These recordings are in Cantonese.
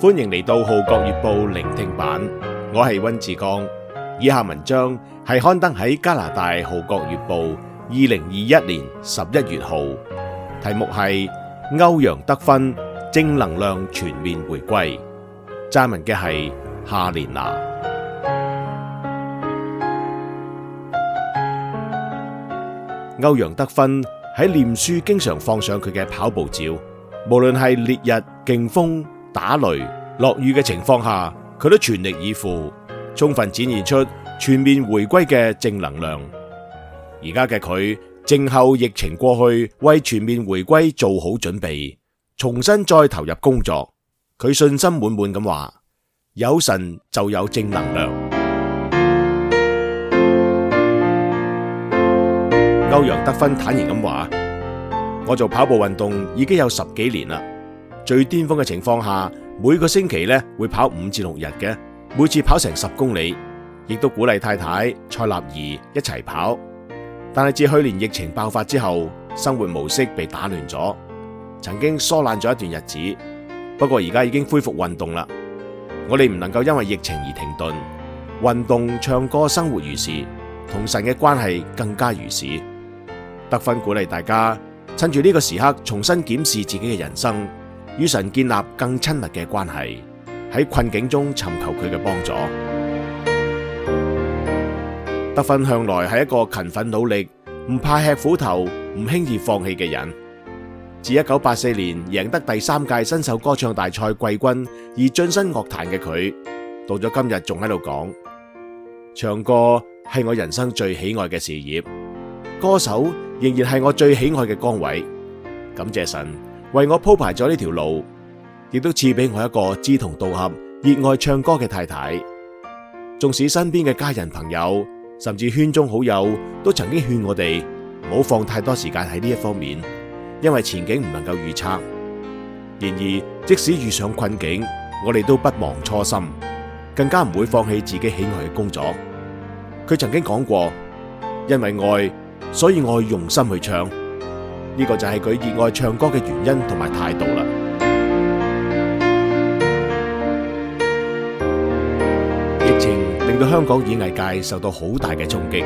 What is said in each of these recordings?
歡迎嚟到《浩國月報》聆聽版，我係溫志剛。以下文章係刊登喺加拿大《浩國月報》二零二一年十一月號，題目係歐陽德勛正能量全面回歸。撰文嘅係夏連拿。歐陽德勛喺臉書，經常放上佢嘅跑步照，無論係烈日勁風。打雷落雨嘅情況下，佢都全力以赴，充分展現出全面回歸嘅正能量。而家嘅佢正靜候疫情過去，為全面回歸做好準備，重新再投入工作。佢信心滿滿咁話：有神就有正能量。歐陽德勛坦然咁話：我做跑步運動已經有十幾年啦。最巔峰嘅情況下，每個星期咧會跑五至六日嘅，每次跑成十公里，亦都鼓勵太太蔡立儀一齊跑。但係自去年疫情爆發之後，生活模式被打亂咗，曾經疏懶咗一段日子。不過而家已經恢復運動啦。我哋唔能夠因為疫情而停頓，運動、唱歌、生活如是，同神嘅關係更加如是。德勛鼓勵大家，趁住呢個時刻，重新檢視自己嘅人生。與神建立更親密嘅關係，喺困境中尋求佢嘅幫助。德勛向來係一個勤奮努力、唔怕吃苦頭、唔輕易放棄嘅人。自一九八四年贏得第三屆新秀歌唱大賽季軍而晉身樂壇嘅佢，到咗今日仲喺度講：唱歌係我人生最喜愛嘅事業，歌手仍然係我最喜愛嘅崗位。感謝神。為我鋪排咗呢條路，亦都賜俾我一個志同道合、熱愛唱歌嘅太太。縱使身邊嘅家人朋友，甚至圈中好友，都曾經勸我哋唔好放太多時間喺呢一方面，因為前景唔能夠預測。然而，即使遇上困境，我哋都不忘初心，更加唔會放棄自己喜愛嘅工作。佢曾經講過：「因為愛，所以我用心去唱。」呢個就係佢熱愛唱歌嘅原因同埋態度啦。疫情令到香港演藝界受到好大嘅衝擊，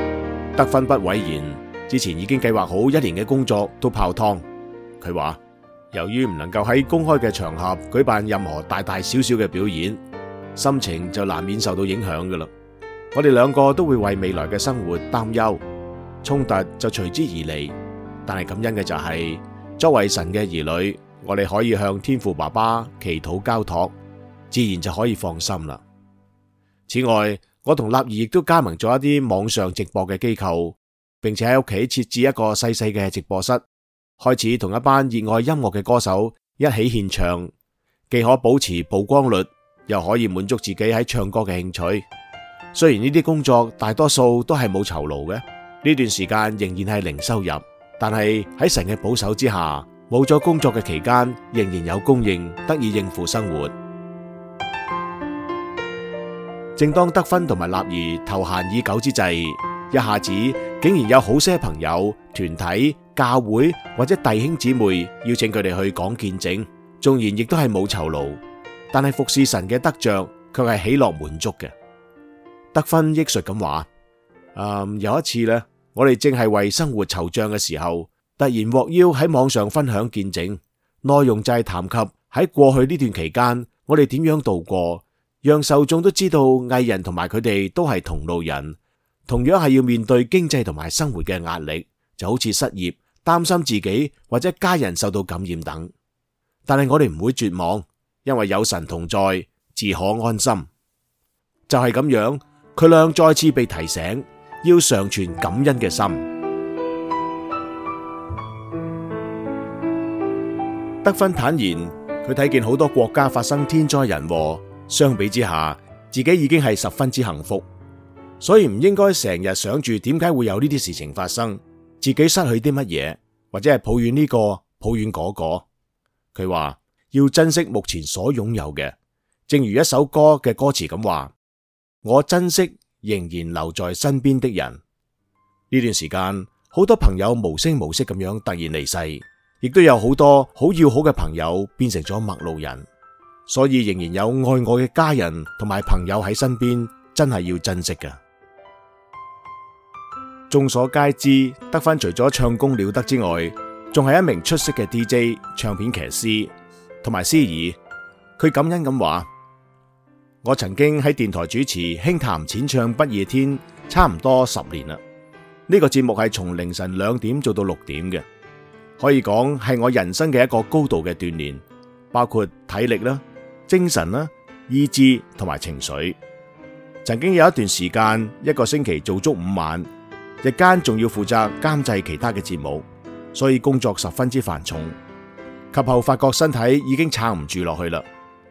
德勛不諱言，之前已經計劃好一年嘅工作都泡湯。佢話由於唔能夠喺公開嘅場合舉辦任何大大小小嘅表演，心情就難免受到影響噶啦。我哋兩個都會為未來嘅生活擔憂，衝突就隨之而嚟。但係感恩嘅就係作為神嘅兒女，我哋可以向天父爸爸祈禱交託，自然就可以放心啦。此外，我同立儀亦都加盟咗一啲網上直播嘅機構，並且喺屋企設置一個細細嘅直播室，開始同一班熱愛音樂嘅歌手一起獻唱，既可保持曝光率，又可以滿足自己喺唱歌嘅興趣。雖然呢啲工作大多數都係冇酬勞嘅，呢段時間仍然係零收入。但係喺神嘅保守之下，冇咗工作嘅期間，仍然有供應，得以應付生活。正當德勛同埋立兒投閒已久之際，一下子竟然有好些朋友、團體、教會或者弟兄姊妹邀請佢哋去講見證，縱然亦都係冇酬勞，但係服侍神嘅得着卻係喜樂滿足嘅。德勛益述咁話：嗯，有一次咧。我哋正係為生活惆悵嘅時候，突然獲邀喺網上分享見證，內容就係談及喺過去呢段期間，我哋點樣度過，讓受眾都知道藝人同埋佢哋都係同路人，同樣係要面對經濟同埋生活嘅壓力，就好似失業、擔心自己或者家人受到感染等。但係我哋唔會絕望，因為有神同在，自可安心。就係咁樣，佢倆再次被提醒。要常存感恩嘅心。德勛坦言，佢睇見好多國家發生天災人禍，相比之下，自己已經係十分之幸福，所以唔應該成日想住點解會有呢啲事情發生，自己失去啲乜嘢，或者係抱怨呢個抱怨嗰個。佢話要珍惜目前所擁有嘅，正如一首歌嘅歌詞咁話：我珍惜。仍然留在身邊的人。呢段時間好多朋友無聲無息咁樣突然離世，亦都有好多好要好嘅朋友變成咗陌路人，所以仍然有愛我嘅家人同埋朋友喺身邊，真係要珍惜㗎。眾所皆知，德勛除咗唱功了得之外，仲係一名出色嘅 DJ 唱片騎師同埋司儀，佢感恩咁話。我曾經喺電台主持《輕談淺唱不夜天》差唔多十年啦。呢個節目係從凌晨兩點做到六點嘅。可以講,係我人生嘅一個高度嘅鍛煉,包括體力啦、精神啦、意志同埋情緒。曾經有一段時間,一個星期做足五晚,日間仲要負責,監製其他嘅節目,所以工作十分之繁重。及後,發覺身體已經撐唔住落去啦。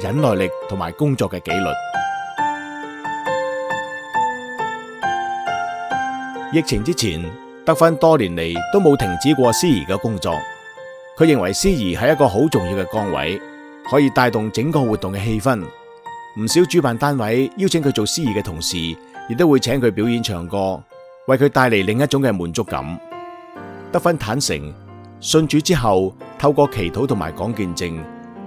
忍耐力同埋工作嘅紀律。疫情之前，德勛多年嚟都冇停止過司儀嘅工作。佢認為司儀係一個好重要嘅崗位，可以帶動整個活動嘅氣氛。唔少主辦單位邀請佢做司儀嘅同時，亦都會請佢表演唱歌，為佢帶嚟另一種嘅滿足感。德勛坦誠，信主之後，透過祈禱同埋講見證。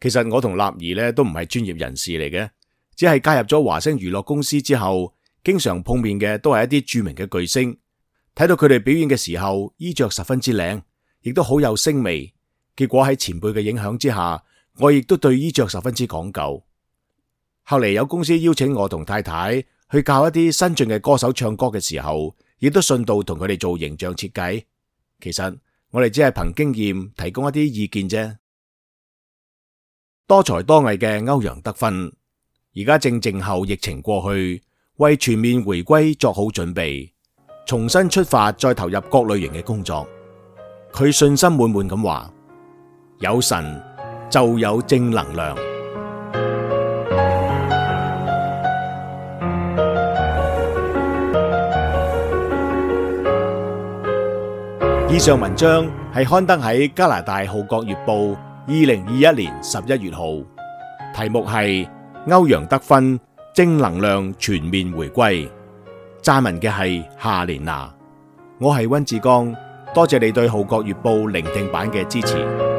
其實我同立兒呢都唔係專業人士嚟嘅，只係加入咗華星娛樂公司之後，經常碰面嘅都係一啲著名嘅巨星。睇到佢哋表演嘅時候，衣着十分之靚，亦都好有星味。結果喺前輩嘅影響之下，我亦都對衣着十分之講究。後嚟有公司邀請我同太太去教一啲新晉嘅歌手唱歌嘅時候，亦都順道同佢哋做形象設計。其實我哋只係憑經驗提供一啲意見啫。多才多藝嘅歐陽德勛，而家正靜候疫情過去，為全面回歸作好準備，重新出發，再投入各類型嘅工作。佢信心滿滿咁話：「有神就有正能量。」以上文章係刊登喺加拿大《號角月報》。二零二一年十一月號，題目係歐陽德勛，正能量全面回歸。撰文嘅係夏蓮娜，我係溫志剛，多謝你對《號角月報》聆聽版嘅支持。